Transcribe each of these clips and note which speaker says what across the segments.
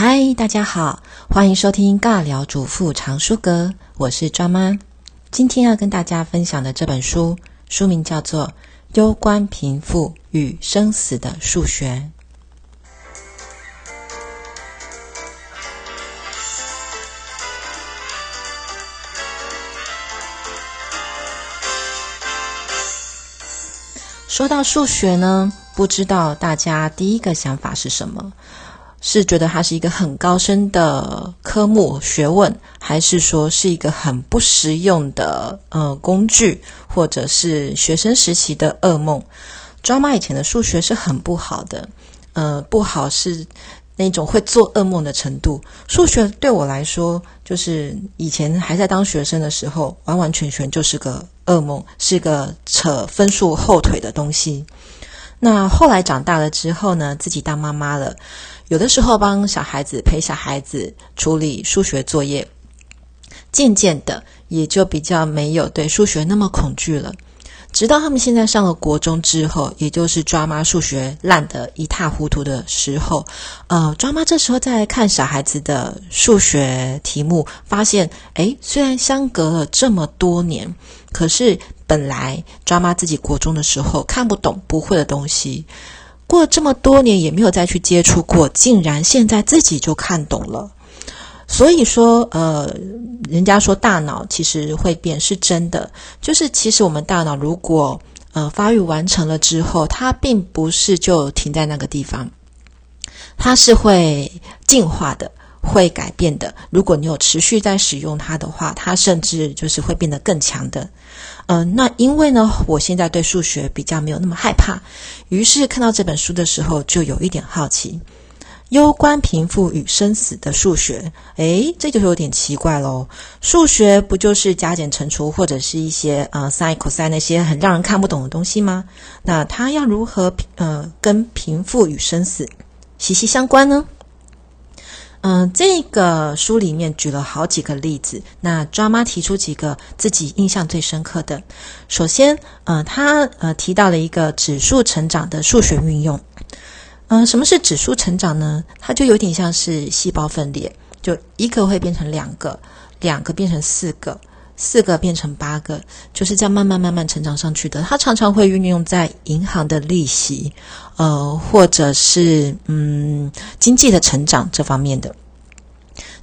Speaker 1: 嗨，大家好，歡迎收聽《尬聊主婦常書閣》，我是莊媽。今天要跟大家分享的這本書，書名叫做《攸關貧富與生死的數學》。說到數學呢，不知道大家第一個想法是什麼？是覺得它是一個很高深的科目學問，還是說是一個很不實用的呃工具，或者是學生時期的噩夢？抓媽以前的數學是很不好的，呃，不好是那種會做噩夢的程度。數學對我來說，就是以前還在當學生的時候，完完全全就是個噩夢，是一個扯分數後腿的東西。那後來長大了之後呢，自己當媽媽了。有的時候幫小孩子，陪小孩子處理數學作業，漸漸的也就比較沒有對數學那麼恐懼了。直到他們現在上了國中之後，也就是抓媽數學爛得一塌糊塗的時候，呃，抓媽這時候在看小孩子的數學題目，發現，誒，雖然相隔了這麼多年，可是本來抓媽自己國中的時候看不懂不會的東西。過這麼多年也沒有再去接觸過，竟然現在自己就看懂了。所以說，呃，人家說大腦其實會變是真的，就是其實我們大腦如果呃發育完成了之後，它並不是就停在那個地方，它是會進化的。會改變的。如果你有持續在使用它的話，它甚至就是會變得更強的。嗯、呃，那因為呢，我現在對數學比較沒有那麼害怕，於是看到這本書的時候就有一點好奇。攸關貧富與生死的數學，誒，這就是有點奇怪嘍。數學不就是加減乘除或者是一些呃 sin cos 那些很讓人看不懂的東西嗎？那它要如何呃跟貧富與生死息息相關呢？嗯、呃，這個書裡面舉了好幾個例子。那抓媽提出幾個自己印象最深刻的。首先，呃，她呃提到了一個指數成長的數學運用。嗯、呃，什麼是指數成長呢？它就有點像是細胞分裂，就一個會變成兩個，兩個變成四個。四個變成八個，就是這樣慢慢慢慢成長上去的。它常常會運用在銀行的利息，呃，或者是，嗯，經濟的成長這方面的。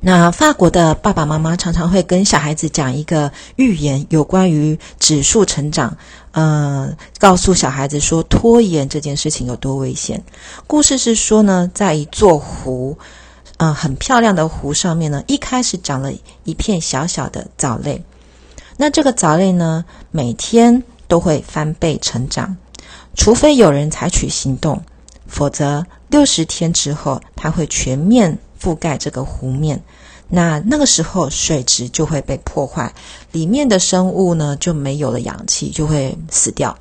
Speaker 1: 那法國的爸爸媽媽常常會跟小孩子講一個寓言，有關於指數成長，呃，告訴小孩子說拖延這件事情有多危險。故事是說呢，在一座湖，嗯、呃，很漂亮的湖上面呢，一開始長了一片小小的藻類。那這個藻類呢，每天都會翻倍成長，除非有人採取行動，否則六十天之後，它會全面覆蓋這個湖面。那那個時候水質就會被破壞，裡面的生物呢，就沒有了氧氣，就會死掉。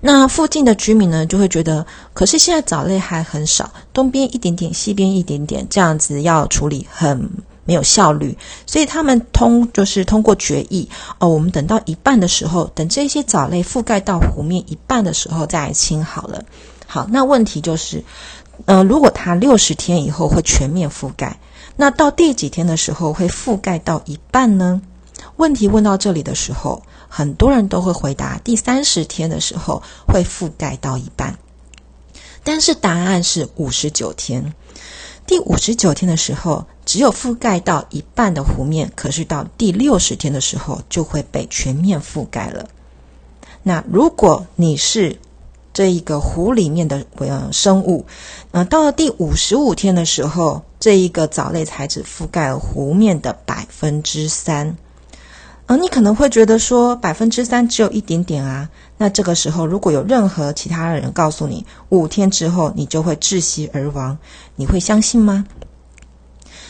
Speaker 1: 那附近的居民呢，就會覺得，可是現在藻類還很少，東邊一點點，西邊一點點，這樣子要處理很沒有效率，所以他們通就是通過決議哦。我們等到一半的時候，等這些藻類覆蓋到湖面一半的時候再來清好了。好，那問題就是，呃，如果它六十天以後會全面覆蓋，那到第幾天的時候會覆蓋到一半呢？問題問到這裡的時候，很多人都會回答，第三十天的時候會覆蓋到一半，但是答案是五十九天。第五十九天的時候，只有覆蓋到一半的湖面；可是到第六十天的時候，就會被全面覆蓋了。那如果你是這一個湖裡面的呃生物，呃，到了第五十五天的時候，這一個藻類才只覆蓋了湖面的百分之三。嗯、呃，你可能會覺得說百分之三只有一點點啊，那這個時候如果有任何其他的人告訴你五天之後你就會窒息而亡，你會相信嗎？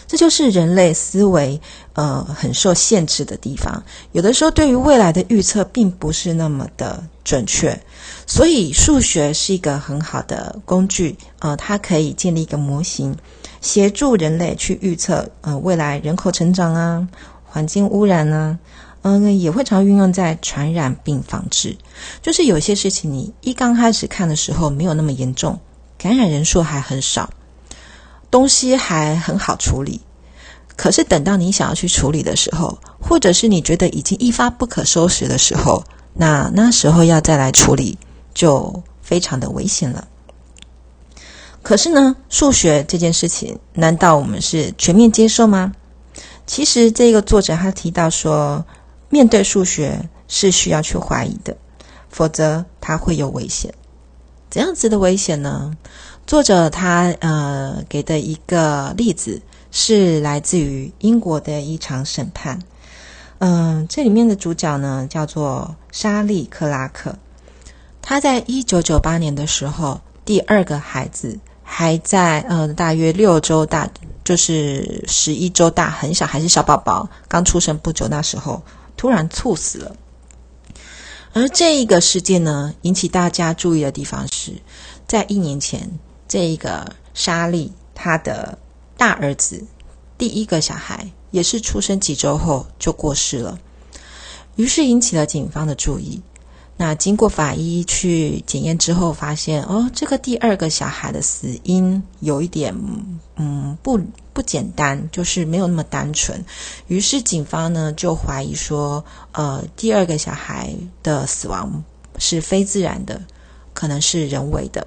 Speaker 1: 這就是人類思維呃很受限制的地方，有的時候對於未來的預測並不是那麼的準確，所以數學是一個很好的工具，呃，它可以建立一個模型，協助人類去預測呃未來人口成長啊，環境污染呢、啊。嗯，也會常運用在傳染病防治，就是有些事情你一剛開始看的時候沒有那麼嚴重，感染人數還很少，東西還很好處理。可是等到你想要去處理的時候，或者是你覺得已經一發不可收拾的時候，那那時候要再來處理就非常的危險了。可是呢，數學這件事情，難道我們是全面接受嗎？其實這個作者他提到說。面對數學是需要去懷疑的，否則他會有危險。怎樣子的危險呢？作者他呃給的一個例子是來自於英國的一場審判。嗯、呃，這裡面的主角呢叫做莎莉克拉克。他在一九九八年的時候，第二個孩子還在呃大約六周大，就是十一周大，很小，還是小寶寶，剛出生不久。那時候。突然猝死了，而這一個事件呢，引起大家注意的地方是，在一年前，這一個莎莉，她的大兒子，第一個小孩也是出生幾周後就過世了，於是引起了警方的注意。那經過法醫去檢驗之後，發現哦，這個第二個小孩的死因有一點，嗯，不不簡單，就是沒有那麼單純。於是警方呢就懷疑說，呃，第二個小孩的死亡是非自然的，可能是人為的。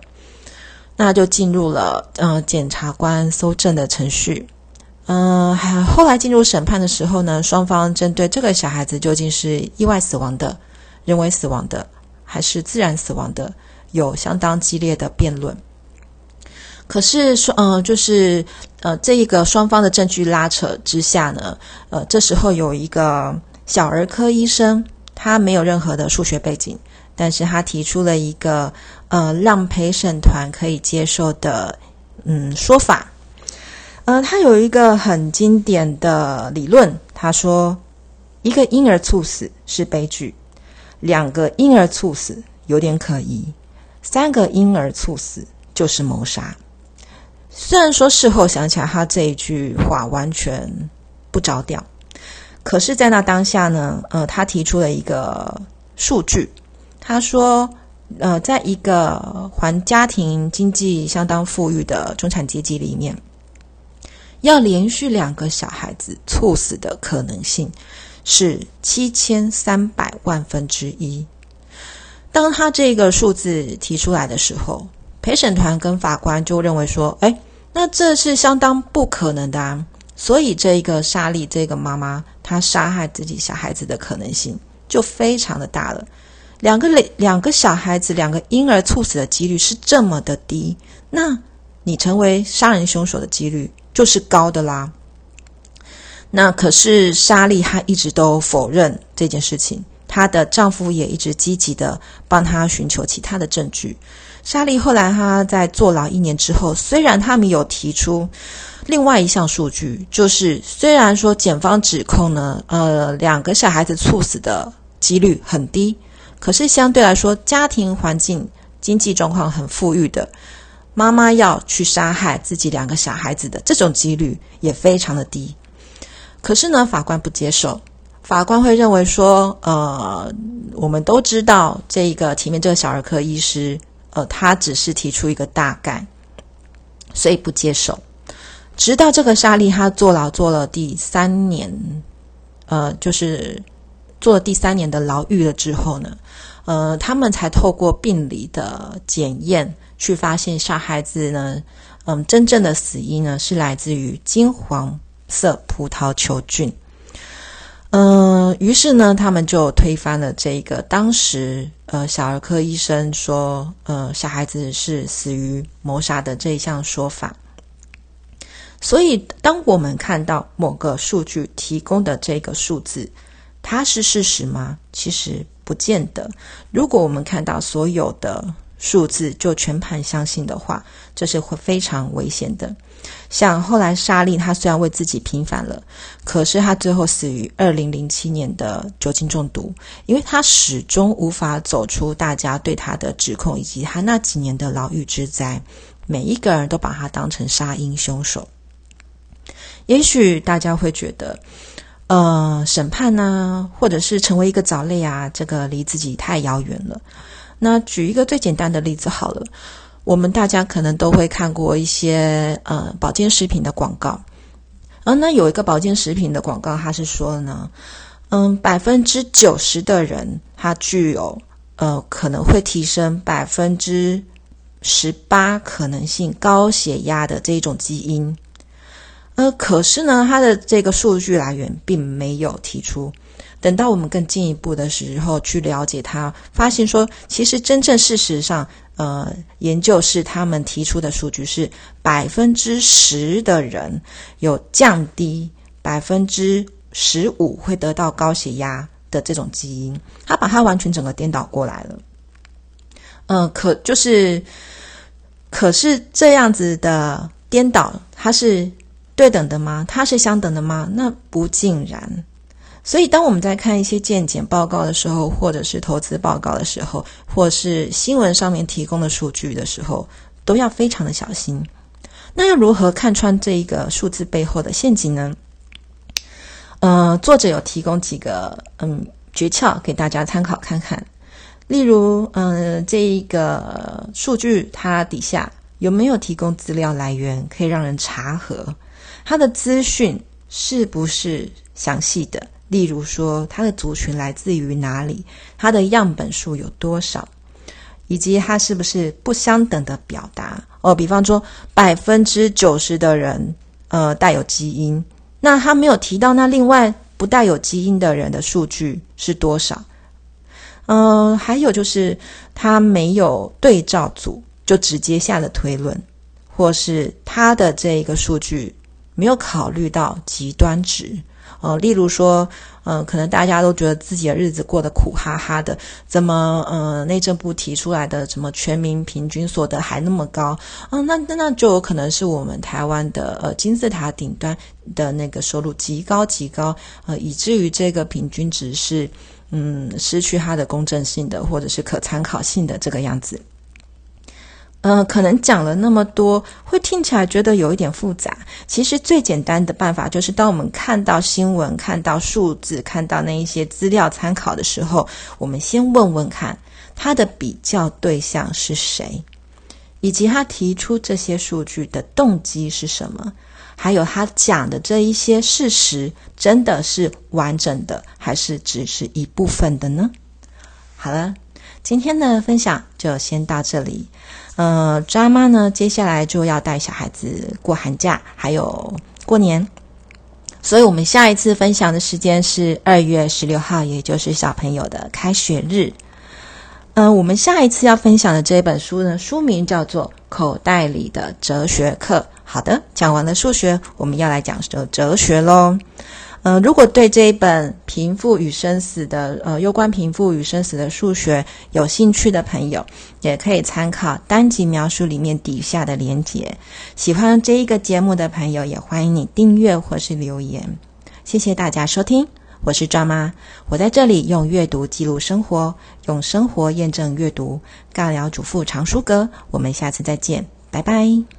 Speaker 1: 那就進入了嗯，呃，檢察官搜證的程序，嗯，呃，還後來進入審判的時候呢，雙方針對這個小孩子究竟是意外死亡的，人為死亡的還是自然死亡的，有相當激烈的辯論。可是，說嗯，就是呃，這一個雙方的證據拉扯之下呢，呃，這時候有一個小兒科醫生，他沒有任何的數學背景，但是他提出了一個呃，讓陪審團可以接受的嗯說法。呃，他有一個很經典的理論，他說，一個嬰兒猝死是悲劇。兩個嬰兒猝死有點可疑，三個嬰兒猝死就是謀殺。雖然說事後想起來，他這一句話完全不着調，可是，在那當下呢，呃，他提出了一個數據，他說，呃，在一個還家庭經濟相當富裕的中產階級裡面，要連續兩個小孩子猝死的可能性，是七千三百萬分之一。當他這個數字提出來的時候，陪審團跟法官就認為說：“哎，那這是相當不可能的啊！所以這一個莎莉，這個媽媽，她殺害自己小孩子的可能性就非常的大了。兩個兩兩個小孩子，兩個嬰兒猝死的幾率是這麼的低，那你成為殺人凶手的幾率就是高的啦。”那可是莎莉，她一直都否認這件事情。她的丈夫也一直積極的幫她尋求其他的證據。莎莉後來她在坐牢一年之後，雖然他們有提出另外一項數據，就是雖然說檢方指控呢，呃，兩個小孩子猝死的幾率很低，可是相對來說，家庭環境、經濟狀況很富裕的媽媽要去殺害自己兩個小孩子的這種幾率也非常的低。可是呢，法官不接受。法官會認為說，呃，我們都知道這一個前面這個小兒科醫師，呃，他只是提出一個大概，所以不接受。直到這個莎莉她坐牢坐了第三年，呃，就是坐了第三年的牢獄了之後呢，呃，他們才透過病理的檢驗去發現，小孩子呢，嗯、呃，真正的死因呢是來自於金黃色葡萄球菌，嗯、呃，於是呢，他們就推翻了這個當時呃，小兒科醫生說呃，小孩子是死於謀殺的這一項說法。所以，當我們看到某個數據提供的這個數字，它是事實嗎？其實不見得。如果我們看到所有的。數字就全盤相信的話，這是會非常危險的。像後來莎莉，他雖然為自己平反了，可是他最後死於二零零七年的酒精中毒，因為他始終無法走出大家對他的指控以及他那幾年的牢獄之災。每一個人都把他當成殺嬰兇手。也許大家會覺得，呃，審判呢、啊，或者是成為一個藻類啊，這個離自己太遙遠了。那舉一個最簡單的例子好了，我們大家可能都會看過一些呃保健食品的廣告，而、啊、那有一個保健食品的廣告，它是說呢，嗯，百分之九十的人他具有呃可能會提升百分之十八可能性高血壓的這一種基因。呃，可是呢，他的這個數據來源並沒有提出。等到我們更進一步的時候去了解他，發現說，其實真正事實上，呃，研究室他們提出的數據是百分之十的人有降低15，百分之十五會得到高血壓的這種基因，他把它完全整個顛倒過來了。嗯、呃，可就是，可是這樣子的顛倒，它是。對等的嗎？它是相等的嗎？那不盡然。所以，當我們在看一些健檢報告的時候，或者是投資報告的時候，或是新聞上面提供的數據的時候，都要非常的小心。那要如何看穿這一個數字背後的陷阱呢？呃，作者有提供幾個嗯訣竅給大家參考看看。例如，嗯，這一個數據它底下有沒有提供資料來源，可以讓人查核？他的資訊是不是詳細的？例如說，他的族群來自於哪裡？他的樣本數有多少？以及他是不是不相等的表達？哦，比方說百分之九十的人呃帶有基因，那他沒有提到，那另外不帶有基因的人的數據是多少？嗯、呃，還有就是他沒有對照組，就直接下了推論，或是他的這一個數據。沒有考慮到極端值，呃，例如說，嗯、呃，可能大家都覺得自己的日子過得苦哈哈的，怎麼，呃，內政部提出來的什麼全民平均所得還那麼高，嗯、呃，那那那就有可能是我們台灣的呃金字塔頂端的那個收入極高極高，呃，以至於這個平均值是嗯失去它的公正性的，或者是可參考性的這個樣子。嗯、呃，可能講了那麼多，會聽起來覺得有一點複雜。其實最簡單的辦法就是，當我們看到新聞、看到數字、看到那一些資料參考的時候，我們先問問看，他的比較對象是誰，以及他提出這些數據的動機是什麼，還有他講的這一些事實真的是完整的，還是只是一部分的呢？好了，今天的分享就先到這裡。呃，抓媽呢？接下來就要帶小孩子過寒假，還有過年。所以，我們下一次分享的時間是二月十六號，也就是小朋友的開學日。嗯、呃，我們下一次要分享的這本書呢，書名叫做《口袋裡的哲學課》。好的，講完了數學，我們要來講說哲學嘍。嗯、呃，如果對這一本《貧富與生死的》呃，攸關貧富與生死的數學有興趣的朋友，也可以參考單集描述裡面底下的連結。喜歡這一個節目的朋友，也歡迎你訂閱或是留言。謝謝大家收聽，我是抓媽。我在這裡用閱讀記錄生活，用生活驗證閱讀。尬聊主婦常書閣，我們下次再見，拜拜。